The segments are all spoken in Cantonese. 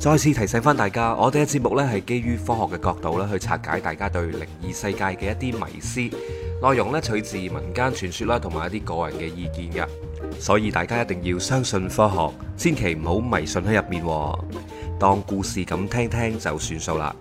再次提醒翻大家，我哋嘅節目咧係基於科學嘅角度咧去拆解大家對靈異世界嘅一啲迷思，內容咧取自民間傳說啦，同埋一啲個人嘅意見嘅，所以大家一定要相信科學，千祈唔好迷信喺入面，當故事咁聽聽就算數啦。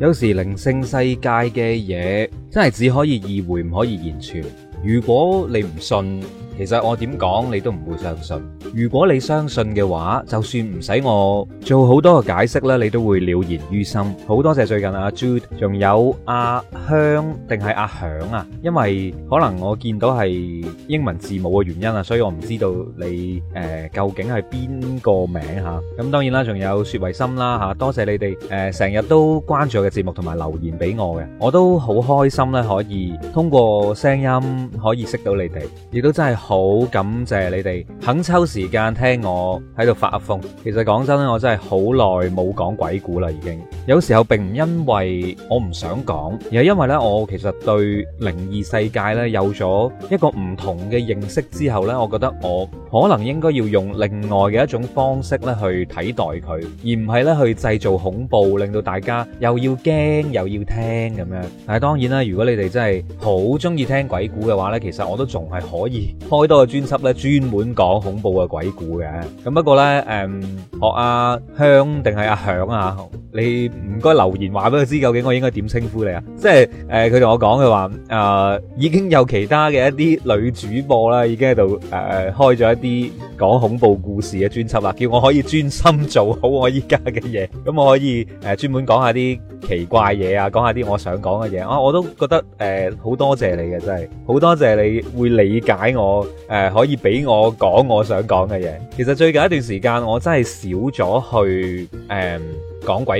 有時靈性世界嘅嘢真係只可以意會，唔可以言傳。如果你唔信。其實我點講你都唔會相信。如果你相信嘅話，就算唔使我做好多嘅解釋咧，你都會了然於心。好多謝最近阿 Jude，仲有阿香定係阿響啊，因為可能我見到係英文字母嘅原因啊，所以我唔知道你誒究竟係邊個名吓。咁當然啦，仲有雪慧心啦吓，多謝你哋誒成日都關注我嘅節目同埋留言俾我嘅，我都好開心咧，可以通過聲音可以識到你哋，亦都真係。好感謝你哋肯抽時間聽我喺度發瘋。其實講真咧，我真係好耐冇講鬼故啦，已經。有時候並唔因為我唔想講，而係因為咧，我其實對靈異世界咧有咗一個唔同嘅認識之後咧，我覺得我可能應該要用另外嘅一種方式咧去睇待佢，而唔係咧去製造恐怖，令到大家又要驚又要聽咁樣。但係當然啦，如果你哋真係好鍾意聽鬼故嘅話咧，其實我都仲係可以。開多個專輯咧，專門講恐怖嘅鬼故嘅。咁不過咧，誒、嗯，學阿香定係阿響啊？你唔該留言話俾佢知，究竟我應該點稱呼你啊？即係誒，佢、呃、同我講嘅話誒，已經有其他嘅一啲女主播啦，已經喺度誒開咗一啲講恐怖故事嘅專輯啦，叫我可以專心做好我依家嘅嘢。咁、嗯、我可以誒專、呃、門講下啲奇怪嘢啊，講下啲我想講嘅嘢啊，我都覺得誒好多謝你嘅，真係好多謝你會理解我，誒、呃、可以俾我講我想講嘅嘢。其實最近一段時間我真係少咗去誒講、呃、鬼。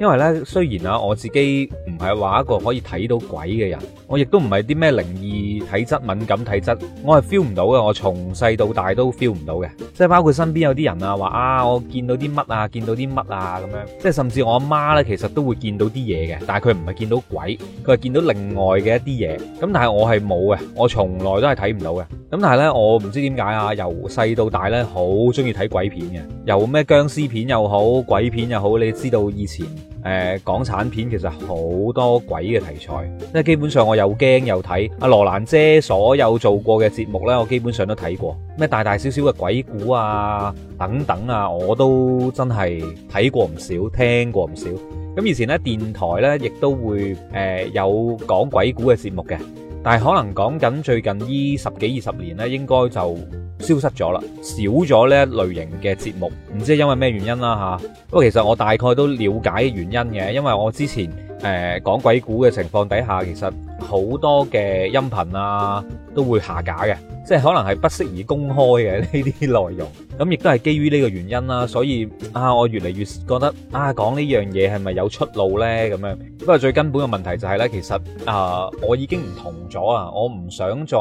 因為呢，雖然啊，我自己唔係話一個可以睇到鬼嘅人，我亦都唔係啲咩靈異體質、敏感體質，我係 feel 唔到嘅。我從細到大都 feel 唔到嘅，即係包括身邊有啲人啊，話啊，我見到啲乜啊，見到啲乜啊咁樣，即係甚至我阿媽呢，其實都會見到啲嘢嘅，但係佢唔係見到鬼，佢係見到另外嘅一啲嘢。咁但係我係冇嘅，我從來都係睇唔到嘅。咁但係呢，我唔知點解啊，由細到大呢，好中意睇鬼片嘅，由咩僵屍片又好，鬼片又好，你知道以前。誒、呃，港產片其實好多鬼嘅題材，因為基本上我又驚又睇。阿羅蘭姐所有做過嘅節目呢，我基本上都睇過，咩大大小小嘅鬼故啊等等啊，我都真係睇過唔少，聽過唔少。咁以前呢，電台呢亦都會誒、呃、有講鬼故嘅節目嘅，但係可能講緊最近呢十幾二十年呢，應該就消失咗啦，少咗呢一類型嘅節目，唔知係因為咩原因啦吓。不過其實我大概都了解原因嘅，因為我之前誒、呃、講鬼故嘅情況底下，其實好多嘅音頻啊都會下架嘅，即係可能係不適宜公開嘅呢啲內容。咁亦都係基於呢個原因啦，所以啊，我越嚟越覺得啊，講呢樣嘢係咪有出路呢？咁樣，不過最根本嘅問題就係呢，其實啊，我已經唔同咗啊，我唔想再。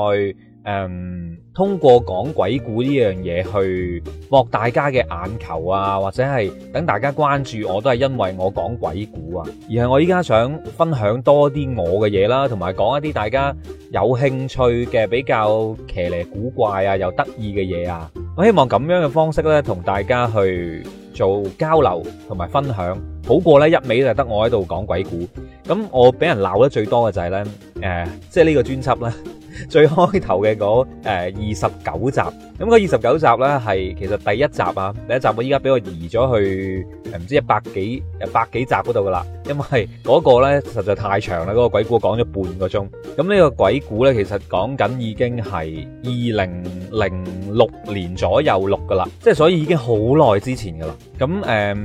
誒，通過講鬼故呢樣嘢，去博大家嘅眼球啊，或者係等大家關注我，我都係因為我講鬼故啊，而係我依家想分享多啲我嘅嘢啦，同埋講一啲大家有興趣嘅比較騎呢古怪啊又得意嘅嘢啊，我希望咁樣嘅方式咧，同大家去做交流同埋分享，好過呢，一味就得我喺度講鬼故。咁我俾人鬧得最多嘅就係呢，誒、呃，即係呢個專輯呢。最開頭嘅嗰二十九集，咁嗰二十九集呢，係其實第一集啊，第一集我依家俾我移咗去誒唔、呃、知一百幾百幾集嗰度噶啦，因為嗰個咧實在太長啦，嗰個鬼故講咗半個鐘。咁呢個鬼故呢，其實講緊已經係二零零六年左右錄噶啦，即係所以已經好耐之前噶啦。咁誒、呃，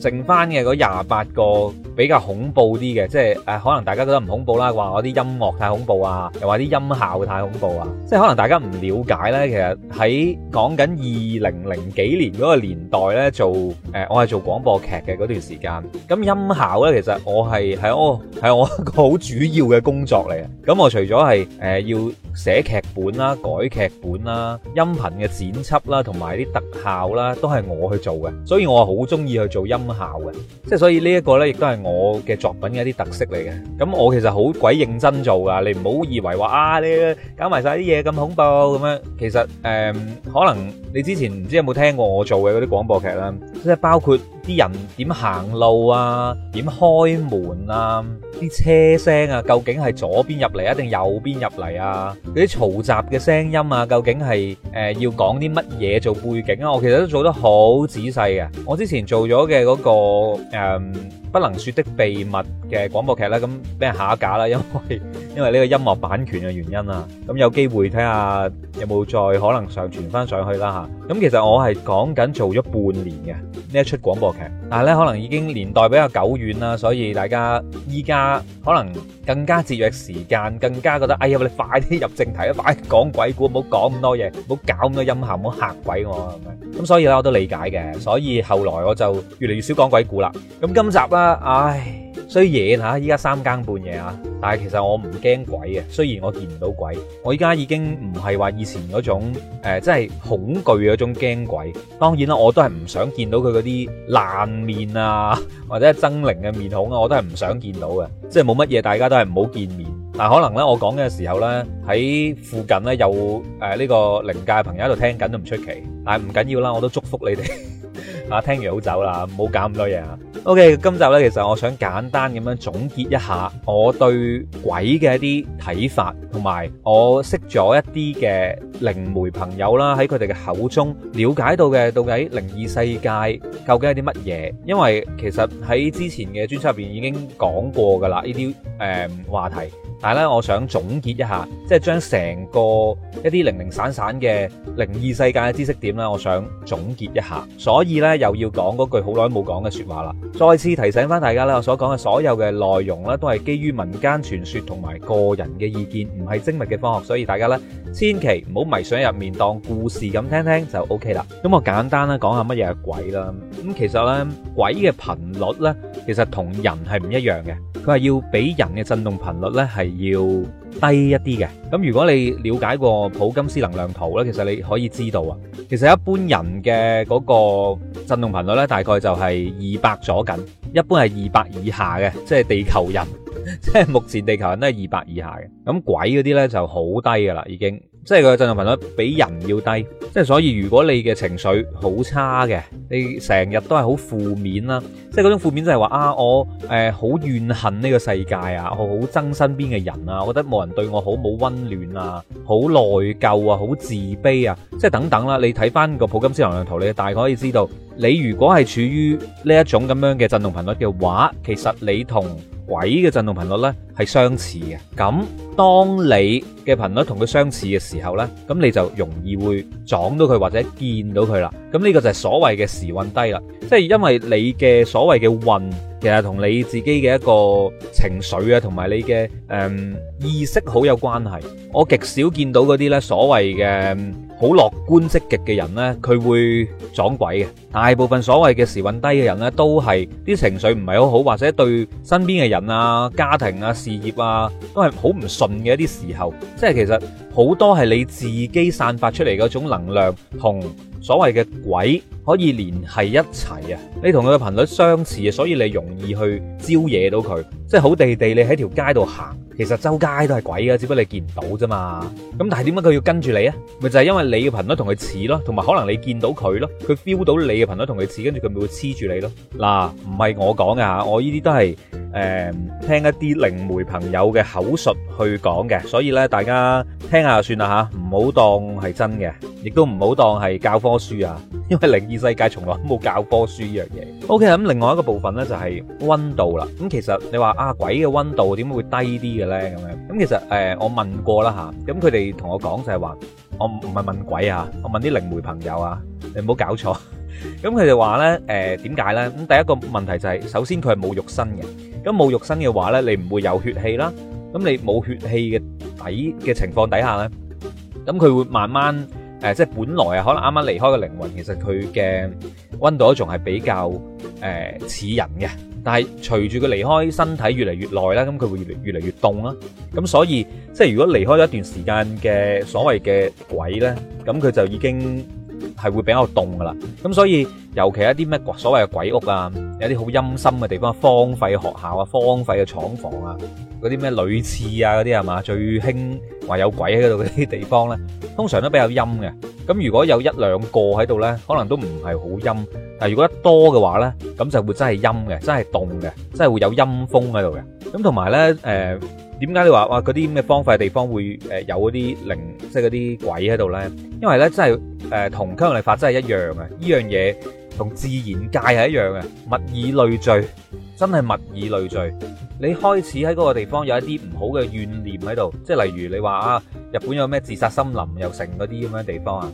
剩翻嘅嗰廿八個比較恐怖啲嘅，即係誒、呃、可能大家覺得唔恐怖啦，話我啲音樂太恐怖啊，又話啲音效。好太恐怖啊！即係可能大家唔了解呢，其實喺講緊二零零幾年嗰個年代呢，做誒，我係做廣播劇嘅嗰段時間，咁音效呢，其實我係喺我係我一個好主要嘅工作嚟嘅。咁我除咗係誒要寫劇本啦、改劇本啦、音頻嘅剪輯啦，同埋啲特效啦，都係我去做嘅。所以我好中意去做音效嘅，即係所以呢一個呢亦都係我嘅作品嘅一啲特色嚟嘅。咁我其實好鬼認真做㗎，你唔好以為話啊呢。搞埋晒啲嘢咁恐怖咁樣。其實誒、嗯、可能你之前唔知有冇聽過我做嘅嗰啲廣播劇啦，即係包括。啲人點行路啊？點開門啊？啲車聲啊，究竟係左邊入嚟啊，定右邊入嚟啊？嗰啲嘈雜嘅聲音啊，究竟係誒、呃、要講啲乜嘢做背景啊？我其實都做得好仔細嘅。我之前做咗嘅嗰個、嗯、不能説的秘密嘅廣播劇啦，咁俾人下架啦，因為因為呢個音樂版權嘅原因啊。咁有機會睇下有冇再可能上傳翻上去啦吓，咁其實我係講緊做咗半年嘅呢一出廣播，但係咧，可能已經年代比較久遠啦，所以大家依家可能更加節約時間，更加覺得哎呀，你快啲入正題啊，快講鬼故，唔好講咁多嘢，唔好搞咁多音效，唔好嚇鬼我咁。咁所以咧，我都理解嘅，所以後來我就越嚟越少講鬼故啦。咁今集啦，唉。雖然嚇！依家三更半夜啊，但係其實我唔驚鬼嘅。雖然我見唔到鬼，我依家已經唔係話以前嗰種誒，即、呃、係恐懼嗰種驚鬼。當然啦，我都係唔想見到佢嗰啲爛面啊，或者猙獰嘅面孔啊，我都係唔想見到嘅。即係冇乜嘢，大家都係唔好見面。但可能呢，我講嘅時候呢，喺附近呢有誒呢、呃呢個靈界朋友喺度聽緊都唔出奇，但係唔緊要啦，我都祝福你哋。 啊，聽完好走啦，唔好搞咁多嘢啊。OK，今集呢，其實我想簡單咁樣總結一下我對鬼嘅一啲睇法，同埋我識咗一啲嘅靈媒朋友啦，喺佢哋嘅口中了解到嘅到底靈異世界究竟係啲乜嘢？因為其實喺之前嘅專輯入邊已經講過噶啦，呢啲誒話題。但係咧，我想總結一下，即係將成個一啲零零散散嘅靈異世界嘅知識點咧，我想總結一下。所以呢，又要講嗰句好耐冇講嘅說話啦。再次提醒翻大家咧，我所講嘅所有嘅內容呢，都係基於民間傳說同埋個人嘅意見，唔係精密嘅科學，所以大家呢，千祈唔好迷上入面，當故事咁聽聽就 OK 啦。咁我簡單啦，講下乜嘢係鬼啦。咁其實呢，鬼嘅頻率呢，其實同人係唔一樣嘅。佢話要俾人嘅震動頻率咧係要低一啲嘅。咁如果你了解過普金斯能量圖咧，其實你可以知道啊。其實一般人嘅嗰個振動頻率咧，大概就係二百左緊，一般係二百以下嘅，即係地球人，即 係目前地球人都係二百以下嘅。咁鬼嗰啲咧就好低㗎喇，已經。即係個震動頻率比人要低，即係所以如果你嘅情緒好差嘅，你成日都係好負面啦，即係嗰種負面就係話啊，我誒好、呃、怨恨呢個世界啊，我好憎身邊嘅人啊，我覺得冇人對我好冇溫暖啊，好內疚啊，好自卑啊，即係等等啦。你睇翻個普金斯能量圖，你大概可以知道，你如果係處於呢一種咁樣嘅震動頻率嘅話，其實你同鬼嘅振動頻率咧係相似嘅，咁當你嘅頻率同佢相似嘅時候呢，咁你就容易會撞到佢或者見到佢啦。咁呢個就係所謂嘅時運低啦，即係因為你嘅所謂嘅運其實同你自己嘅一個情緒啊，同埋你嘅誒、嗯、意識好有關係。我極少見到嗰啲呢所謂嘅。好樂觀積極嘅人呢，佢會撞鬼嘅。大部分所謂嘅時運低嘅人呢，都係啲情緒唔係好好，或者對身邊嘅人啊、家庭啊、事業啊，都係好唔順嘅一啲時候。即係其實好多係你自己散發出嚟嗰種能量，同所謂嘅鬼，可以連係一齊啊！你同佢嘅頻率相似，所以你容易去招惹到佢，即係好地地。你喺條街度行，其實周街都係鬼嘅，只不過你見唔到咋嘛。咁但係點解佢要跟住你啊？咪就係因為你嘅頻率同佢似咯，同埋可能你見到佢咯，佢 feel 到你嘅頻率同佢似，跟住佢咪會黐住你咯。嗱，唔係我講噶嚇，我呢啲都係誒聽一啲靈媒朋友嘅口述去講嘅，所以咧大家聽下就算啦嚇，唔好當係真嘅，亦都唔好當係教科書啊。因為靈異世界從來都冇教科書呢樣嘢。OK，咁另外一個部分呢就係温度啦。咁其實你話啊鬼嘅温度點會低啲嘅呢咁樣？咁其實誒我問過啦吓，咁佢哋同我講就係話，我唔係問鬼啊，我問啲靈媒朋友啊，你唔好搞錯。咁佢哋話呢誒點解呢？咁第一個問題就係首先佢係冇肉身嘅，咁冇肉身嘅話呢你唔會有血氣啦，咁你冇血氣嘅底嘅情況底下呢，咁佢會慢慢。誒、呃、即係本來啊，可能啱啱離開嘅靈魂，其實佢嘅温度仲係比較誒似、呃、人嘅。但係隨住佢離開身體越嚟越耐啦，咁佢會越嚟越嚟越凍啦。咁所以即係如果離開咗一段時間嘅所謂嘅鬼呢，咁佢就已經。係會比較凍噶啦，咁所以尤其一啲咩所謂嘅鬼屋啊，有啲好陰森嘅地方，荒廢學校啊，荒廢嘅廠房啊，嗰啲咩女廁啊，嗰啲係咪最興話有鬼喺嗰度嗰啲地方咧，通常都比較陰嘅。咁如果有一兩個喺度咧，可能都唔係好陰，但係如果一多嘅話咧，咁就會真係陰嘅，真係凍嘅，真係會有陰風喺度嘅。咁同埋咧，誒。點解你話哇嗰啲咁嘅荒廢地方會誒有嗰啲靈即係嗰啲鬼喺度呢？因為呢真係誒同吸引力法真係一樣嘅，呢樣嘢同自然界係一樣嘅，物以類聚，真係物以類聚。你開始喺嗰個地方有一啲唔好嘅怨念喺度，即係例如你話啊，日本有咩自殺森林又成嗰啲咁樣地方啊，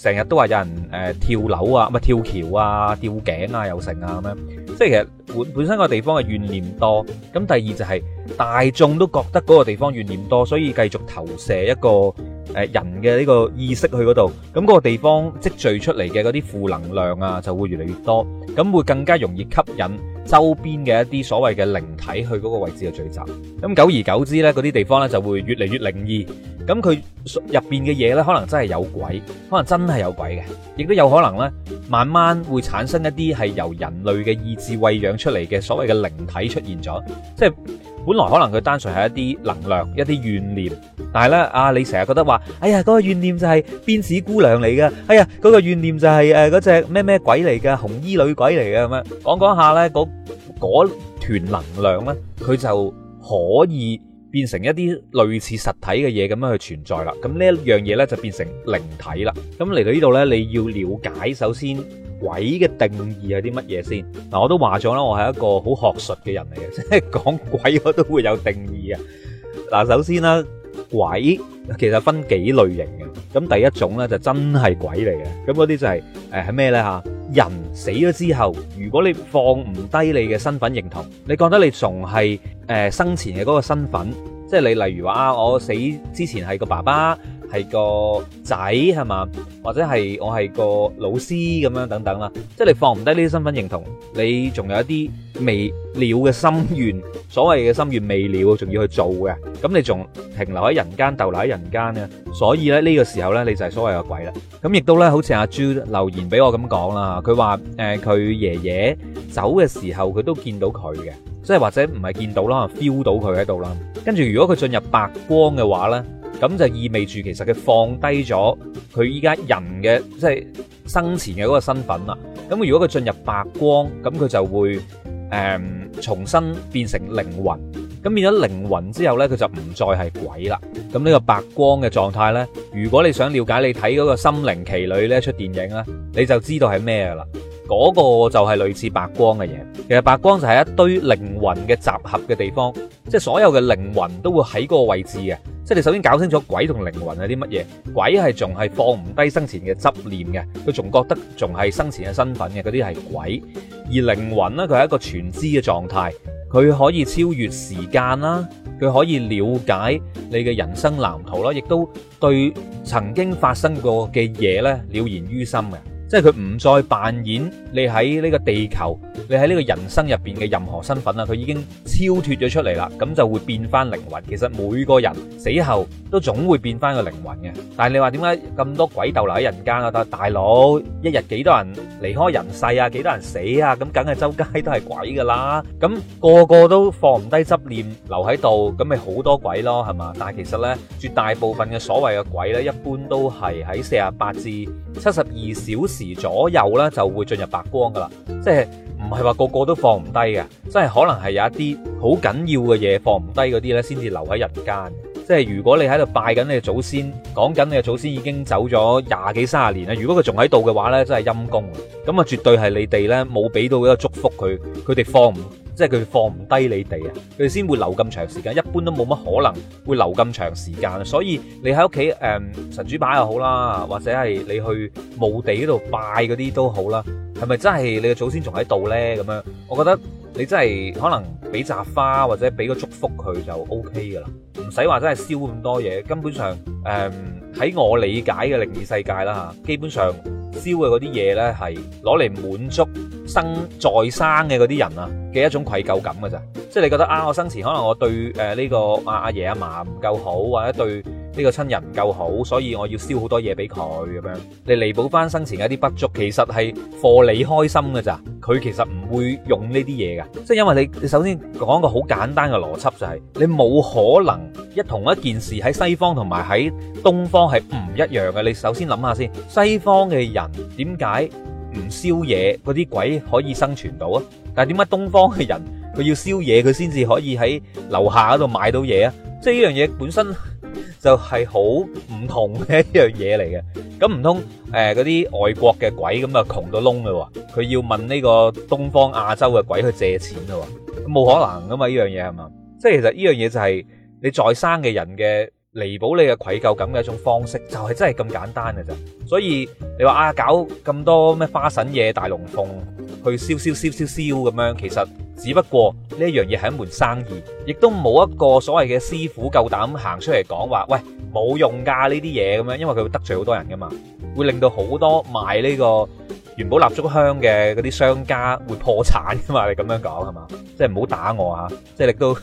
成日都話有人誒、呃、跳樓啊，跳橋啊，吊頸啊又成啊咁樣。即係其實本本身個地方嘅怨念多，咁第二就係大眾都覺得嗰個地方怨念多，所以繼續投射一個誒人嘅呢個意識去嗰度，咁嗰個地方積聚出嚟嘅嗰啲負能量啊，就會越嚟越多，咁會更加容易吸引。周邊嘅一啲所謂嘅靈體去嗰個位置嘅聚集，咁久而久之呢，嗰啲地方呢就會越嚟越靈異，咁佢入邊嘅嘢呢，可能真係有鬼，可能真係有鬼嘅，亦都有可能呢，慢慢會產生一啲係由人類嘅意志餵養出嚟嘅所謂嘅靈體出現咗，即係。本來可能佢單純係一啲能量、一啲怨念，但係咧，啊，你成日覺得話，哎呀，嗰個怨念就係辮子姑娘嚟噶，哎呀，嗰個怨念就係誒嗰隻咩咩鬼嚟噶，紅衣女鬼嚟噶咁樣，講講下呢，嗰嗰團能量呢，佢就可以變成一啲類似實體嘅嘢咁樣去存在啦。咁呢一樣嘢呢，就變成靈體啦。咁嚟到呢度呢，你要了解首先。鬼嘅定義係啲乜嘢先？嗱，我都話咗啦，我係一個好學術嘅人嚟嘅，即係講鬼我都會有定義啊。嗱，首先啦，鬼其實分幾類型嘅。咁第一種呢就真係鬼嚟嘅，咁嗰啲就係誒係咩呢？嚇？人死咗之後，如果你放唔低你嘅身份認同，你覺得你仲係誒生前嘅嗰個身份，即係你例如話啊，我死之前係個爸爸。係個仔係嘛，或者係我係個老師咁樣等等啦，即係你放唔低呢啲身份認同，你仲有一啲未了嘅心願，所謂嘅心願未了，仲要去做嘅，咁你仲停留喺人間，逗留喺人間啊，所以咧呢個時候咧，你就係所謂嘅鬼啦。咁亦都咧，好似阿朱留言俾我咁講啦，佢話誒，佢爺爺走嘅時候，佢都見到佢嘅，即係或者唔係見到啦，feel 到佢喺度啦。跟住如果佢進入白光嘅話咧。咁就意味住，其實佢放低咗佢依家人嘅即係生前嘅嗰個身份啦。咁如果佢進入白光，咁佢就會誒、嗯、重新變成靈魂。咁變咗靈魂之後呢，佢就唔再係鬼啦。咁呢個白光嘅狀態呢，如果你想了解你睇嗰個《心靈奇旅》呢出電影呢，你就知道係咩噶啦。嗰、嗰個就係類似白光嘅嘢。其實白光就係一堆靈魂嘅集合嘅地方，即係所有嘅靈魂都會喺嗰個位置嘅。即係你首先搞清楚鬼同靈魂係啲乜嘢？鬼係仲係放唔低生前嘅執念嘅，佢仲覺得仲係生前嘅身份嘅，嗰啲係鬼；而靈魂呢，佢係一個全知嘅狀態，佢可以超越時間啦，佢可以了解你嘅人生藍圖啦，亦都對曾經發生過嘅嘢呢，了然於心嘅。即係佢唔再扮演你喺呢個地球、你喺呢個人生入邊嘅任何身份啦，佢已經超脫咗出嚟啦，咁就會變翻靈魂。其實每個人死後都總會變翻個靈魂嘅。但係你話點解咁多鬼逗留喺人間啊？大佬，一日幾多人離開人世啊？幾多人死啊？咁梗係周街都係鬼噶啦。咁個個都放唔低執念留喺度，咁咪好多鬼咯，係嘛？但係其實呢，絕大部分嘅所謂嘅鬼呢，一般都係喺四十八至七十二小時左右咧就會進入白光噶啦，即係唔係話個個都放唔低嘅，即係可能係有一啲好緊要嘅嘢放唔低嗰啲呢，先至留喺人間。即係如果你喺度拜緊你嘅祖先，講緊你嘅祖先已經走咗廿幾三十年啦，如果佢仲喺度嘅話陰功呢，真係陰功，咁啊絕對係你哋呢冇俾到一個祝福佢，佢哋放。蕪。即係佢放唔低你哋啊，佢先會留咁長時間，一般都冇乜可能會留咁長時間，所以你喺屋企誒神主牌又好啦，或者係你去墓地嗰度拜嗰啲都好啦，係咪真係你嘅祖先仲喺度呢？咁樣，我覺得。你真係可能俾扎花或者俾個祝福佢就 OK 噶啦，唔使話真係燒咁多嘢。根本上，誒、嗯、喺我理解嘅靈異世界啦嚇，基本上燒嘅嗰啲嘢呢，係攞嚟滿足生在生嘅嗰啲人啊嘅一種愧疚感㗎咋。即係你覺得啊，我生前可能我對誒呢、呃呢個阿阿、啊、爺阿嫲唔夠好，或者對。呢個親人唔夠好，所以我要燒好多嘢俾佢咁樣嚟彌補翻生前一啲不足。其實係貨你開心㗎咋，佢其實唔會用呢啲嘢㗎。即係因為你，你首先講一個好簡單嘅邏輯，就係你冇可能一同一件事喺西方同埋喺東方係唔一樣嘅。你首先諗下先，西方嘅人點解唔燒嘢？嗰啲鬼可以生存到啊？但係點解東方嘅人佢要燒嘢，佢先至可以喺樓下嗰度買到嘢啊？即係呢樣嘢本身。就係好唔同嘅一樣嘢嚟嘅，咁唔通誒嗰啲外國嘅鬼咁啊窮到窿嘅喎，佢要問呢個東方亞洲嘅鬼去借錢咯，冇可能噶嘛呢樣嘢係嘛？即係其實呢樣嘢就係你在生嘅人嘅彌補你嘅愧疚感嘅一種方式，就係、是、真係咁簡單嘅啫。所以你話啊搞咁多咩花神嘢大龍鳳？去燒燒燒燒燒咁樣，其實只不過呢一樣嘢係一門生意，亦都冇一個所謂嘅師傅夠膽行出嚟講話，喂，冇用㗎呢啲嘢咁樣，因為佢會得罪好多人噶嘛，會令到好多賣呢個元寶蠟燭香嘅嗰啲商家會破產噶嘛。你咁樣講係嘛？即係唔好打我啊！即係你都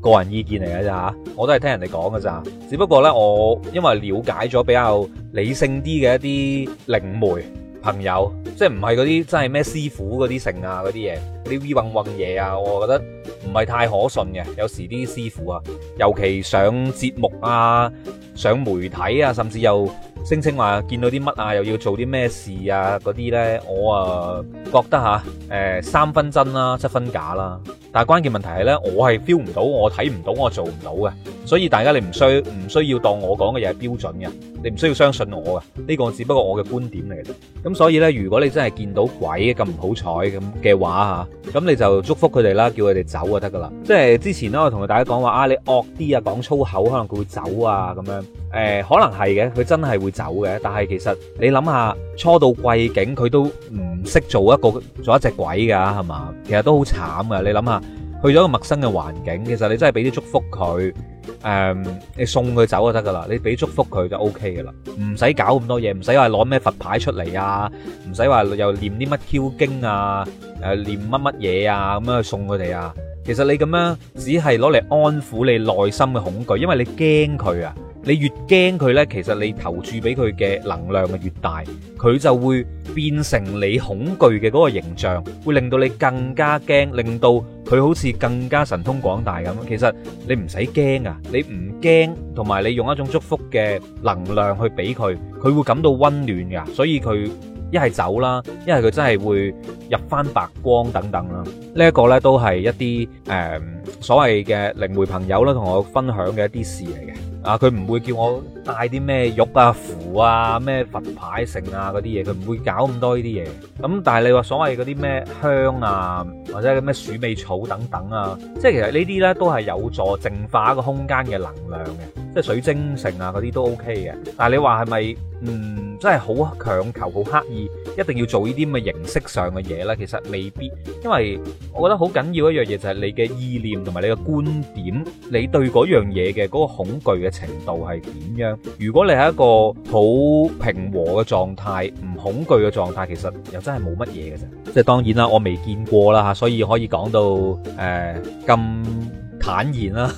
個人意見嚟㗎咋。嚇，我都係聽人哋講㗎咋。只不過呢，我因為了解咗比較理性啲嘅一啲靈媒。朋友，即係唔係嗰啲真係咩師傅嗰啲成啊嗰啲嘢，啲運運嘢啊，我覺得唔係太可信嘅。有時啲師傅啊，尤其上節目啊、上媒體啊，甚至又聲稱話見到啲乜啊，又要做啲咩事啊嗰啲呢，我啊覺得吓、啊，誒、呃、三分真啦、啊，七分假啦、啊。但係關鍵問題係呢，我係 feel 唔到，我睇唔到，我做唔到嘅。所以大家你唔需唔需要當我講嘅嘢係標準嘅？你唔需要相信我噶，呢個只不過我嘅觀點嚟嘅。咁所以呢，如果你真係見到鬼咁唔好彩咁嘅話吓，咁你就祝福佢哋啦，叫佢哋走就得噶啦。即係之前咧，我同大家講話啊，你惡啲啊，講粗口，可能佢會走啊咁樣。誒、呃，可能係嘅，佢真係會走嘅。但係其實你諗下，初到貴境，佢都唔識做一個做一隻鬼噶，係嘛？其實都好慘噶。你諗下。去咗個陌生嘅環境，其實你真係俾啲祝福佢，誒、呃，你送佢走就得噶啦，你俾祝福佢就 O K 噶啦，唔使搞咁多嘢，唔使話攞咩佛牌出嚟啊，唔使話又念啲乜 Q 經啊，誒、呃，念乜乜嘢啊，咁樣去送佢哋啊，其實你咁樣只係攞嚟安撫你內心嘅恐懼，因為你驚佢啊。你越驚佢呢，其實你投注俾佢嘅能量啊越大，佢就會變成你恐懼嘅嗰個形象，會令到你更加驚，令到佢好似更加神通廣大咁。其實你唔使驚啊，你唔驚，同埋你用一種祝福嘅能量去俾佢，佢會感到温暖噶，所以佢。一係走啦，一係佢真係會入翻白光等等啦。呢、這、一個呢都係一啲誒、呃、所謂嘅靈媒朋友啦，同我分享嘅一啲事嚟嘅。啊，佢唔會叫我帶啲咩玉啊、符啊、咩佛牌剩啊嗰啲嘢，佢唔會搞咁多呢啲嘢。咁、嗯、但係你話所謂嗰啲咩香啊，或者咩鼠尾草等等啊，即係其實呢啲呢都係有助淨化一個空間嘅能量嘅。即水晶城啊，嗰啲都 OK 嘅。但係你話，係咪嗯，真係好強求、好刻意，一定要做呢啲咁嘅形式上嘅嘢咧？其實未必，因為我覺得好緊要一樣嘢就係你嘅意念同埋你嘅觀點。你對嗰樣嘢嘅嗰個恐懼嘅程度係點樣？如果你係一個好平和嘅狀態，唔恐懼嘅狀態，其實又真係冇乜嘢嘅啫。即係當然啦，我未見過啦嚇，所以可以講到誒咁。呃坦然啦，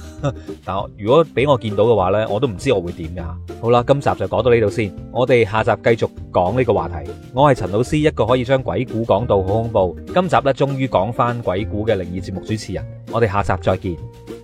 但如果俾我見到嘅話呢，我都唔知我會點噶。好啦，今集就講到呢度先，我哋下集繼續講呢個話題。我係陳老師，一個可以將鬼故講到好恐怖、今集呢，終於講翻鬼故嘅靈異節目主持人。我哋下集再見。